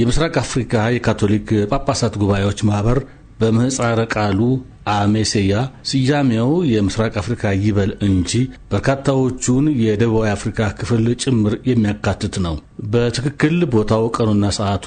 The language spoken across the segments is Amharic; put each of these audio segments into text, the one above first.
የምስራቅ አፍሪካ የካቶሊክ ጳጳሳት ጉባኤዎች ማህበር በምህፃረ ቃሉ አሜሴያ ስያሜው የምስራቅ አፍሪካ ይበል እንጂ በርካታዎቹን የደቡባዊ አፍሪካ ክፍል ጭምር የሚያካትት ነው። በትክክል ቦታው፣ ቀኑና ሰዓቱ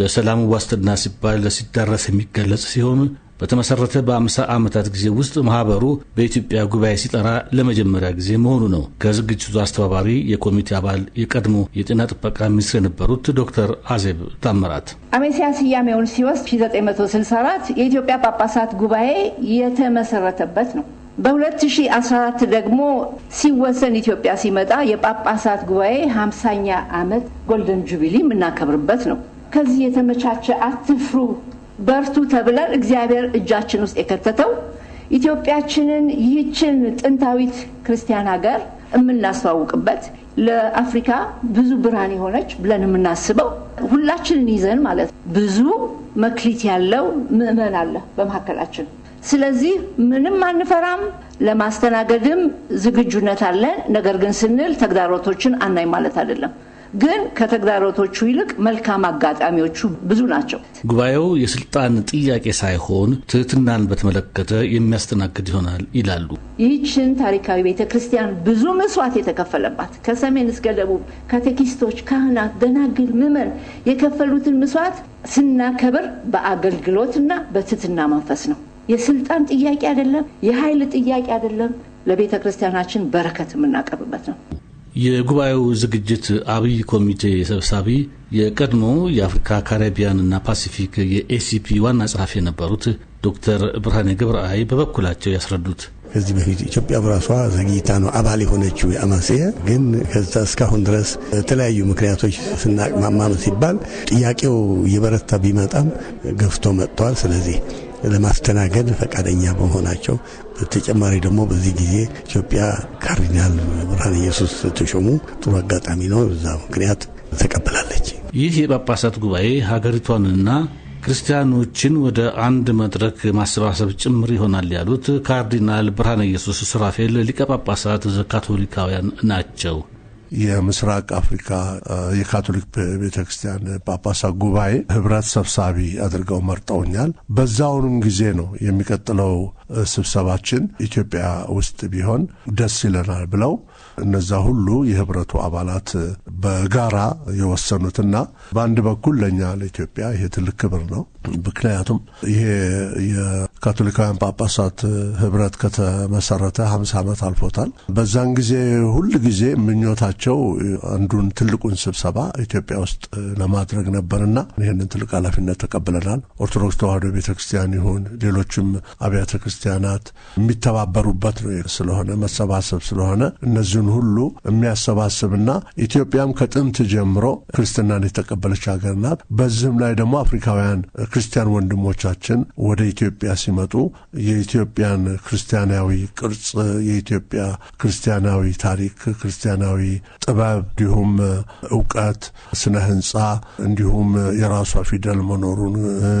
ለሰላሙ ዋስትና ሲባል ሲዳረስ የሚገለጽ ሲሆን በተመሰረተ በአምሳ ዓመታት ጊዜ ውስጥ ማህበሩ በኢትዮጵያ ጉባኤ ሲጠራ ለመጀመሪያ ጊዜ መሆኑ ነው። ከዝግጅቱ አስተባባሪ የኮሚቴ አባል የቀድሞ የጤና ጥበቃ ሚኒስትር የነበሩት ዶክተር አዜብ ታምራት አሜሲያ ስያሜውን ሲወስድ 1964 የኢትዮጵያ ጳጳሳት ጉባኤ የተመሰረተበት ነው። በ2014 ደግሞ ሲወሰን ኢትዮጵያ ሲመጣ የጳጳሳት ጉባኤ 50ኛ ዓመት ጎልደን ጁቢሊ የምናከብርበት ነው። ከዚህ የተመቻቸ አትፍሩ በርቱ ተብለን እግዚአብሔር እጃችን ውስጥ የከተተው ኢትዮጵያችንን ይህችን ጥንታዊት ክርስቲያን ሀገር የምናስተዋውቅበት ለአፍሪካ ብዙ ብርሃን የሆነች ብለን የምናስበው ሁላችንን ይዘን ማለት ብዙ መክሊት ያለው ምዕመን አለ በመካከላችን። ስለዚህ ምንም አንፈራም፣ ለማስተናገድም ዝግጁነት አለን። ነገር ግን ስንል ተግዳሮቶችን አናይ ማለት አይደለም። ግን ከተግዳሮቶቹ ይልቅ መልካም አጋጣሚዎቹ ብዙ ናቸው። ጉባኤው የስልጣን ጥያቄ ሳይሆን ትህትናን በተመለከተ የሚያስተናግድ ይሆናል ይላሉ። ይህችን ታሪካዊ ቤተ ክርስቲያን ብዙ መስዋዕት የተከፈለባት ከሰሜን እስከ ደቡብ ካቴኪስቶች፣ ካህናት፣ ደናግል፣ ምዕመን የከፈሉትን መስዋዕት ስናከብር በአገልግሎትና በትህትና መንፈስ ነው። የስልጣን ጥያቄ አይደለም። የኃይል ጥያቄ አይደለም። ለቤተ ክርስቲያናችን በረከት የምናቀርብበት ነው። የጉባኤው ዝግጅት አብይ ኮሚቴ ሰብሳቢ የቀድሞ የአፍሪካ ካሪቢያንና ፓሲፊክ የኤሲፒ ዋና ጸሐፊ የነበሩት ዶክተር ብርሃኔ ገብረአይ በበኩላቸው ያስረዱት ከዚህ በፊት ኢትዮጵያ በራሷ ዘግይታ ነው አባል የሆነችው የአማሴ ግን ከዛ እስካሁን ድረስ የተለያዩ ምክንያቶች ስናቅማማም ሲባል ጥያቄው እየበረታ ቢመጣም ገፍቶ መጥተዋል። ስለዚህ ለማስተናገድ ፈቃደኛ በመሆናቸው በተጨማሪ ደግሞ በዚህ ጊዜ ኢትዮጵያ ካርዲናል ብርሃነ ኢየሱስ ተሾሙ ጥሩ አጋጣሚ ነው። በዛ ምክንያት ተቀብላለች። ይህ የጳጳሳት ጉባኤ ሀገሪቷንና ክርስቲያኖችን ወደ አንድ መድረክ ማሰባሰብ ጭምር ይሆናል ያሉት ካርዲናል ብርሃነ ኢየሱስ ሱራፌል ሊቀ ጳጳሳት ዘካቶሊካውያን ናቸው። የምስራቅ አፍሪካ የካቶሊክ ቤተክርስቲያን ጳጳሳት ጉባኤ ህብረት ሰብሳቢ አድርገው መርጠውኛል። በዛውንም ጊዜ ነው የሚቀጥለው ስብሰባችን ኢትዮጵያ ውስጥ ቢሆን ደስ ይለናል ብለው እነዛ ሁሉ የህብረቱ አባላት በጋራ የወሰኑትና በአንድ በኩል ለእኛ ለኢትዮጵያ ይሄ ትልቅ ክብር ነው። ምክንያቱም ይሄ ካቶሊካውያን ጳጳሳት ህብረት ከተመሰረተ ሀምሳ ዓመት አልፎታል። በዛን ጊዜ ሁል ጊዜ ምኞታቸው አንዱን ትልቁን ስብሰባ ኢትዮጵያ ውስጥ ለማድረግ ነበርና ይህንን ትልቅ ኃላፊነት ተቀብለናል። ኦርቶዶክስ ተዋህዶ ቤተ ክርስቲያን ይሁን ሌሎችም አብያተ ክርስቲያናት የሚተባበሩበት ስለሆነ መሰባሰብ ስለሆነ እነዚህን ሁሉ የሚያሰባስብና ኢትዮጵያም ከጥንት ጀምሮ ክርስትናን የተቀበለች ሀገር ናት። በዚህም ላይ ደግሞ አፍሪካውያን ክርስቲያን ወንድሞቻችን ወደ ኢትዮጵያ ሲ ሲመጡ የኢትዮጵያን ክርስቲያናዊ ቅርጽ፣ የኢትዮጵያ ክርስቲያናዊ ታሪክ፣ ክርስቲያናዊ ጥበብ እንዲሁም እውቀት፣ ስነ ህንፃ፣ እንዲሁም የራሷ ፊደል መኖሩን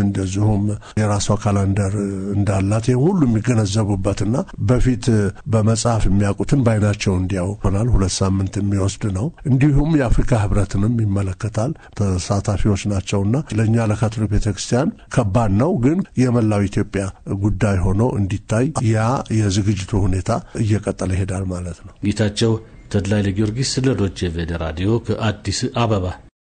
እንደዚሁም የራሷ ካላንደር እንዳላት ይህም ሁሉ የሚገነዘቡበትና በፊት በመጽሐፍ የሚያውቁትን በአይናቸው እንዲያው ይሆናል። ሁለት ሳምንት የሚወስድ ነው። እንዲሁም የአፍሪካ ህብረትንም ይመለከታል። ተሳታፊዎች ናቸውና ለእኛ ለካቶሊክ ቤተክርስቲያን ከባድ ነው፣ ግን የመላው ኢትዮጵያ ጉዳይ ሆኖ እንዲታይ ያ የዝግጅቱ ሁኔታ እየቀጠለ ይሄዳል ማለት ነው። ጌታቸው ተድላይ ለጊዮርጊስ ለዶቼ ቬለ ራዲዮ ከአዲስ አበባ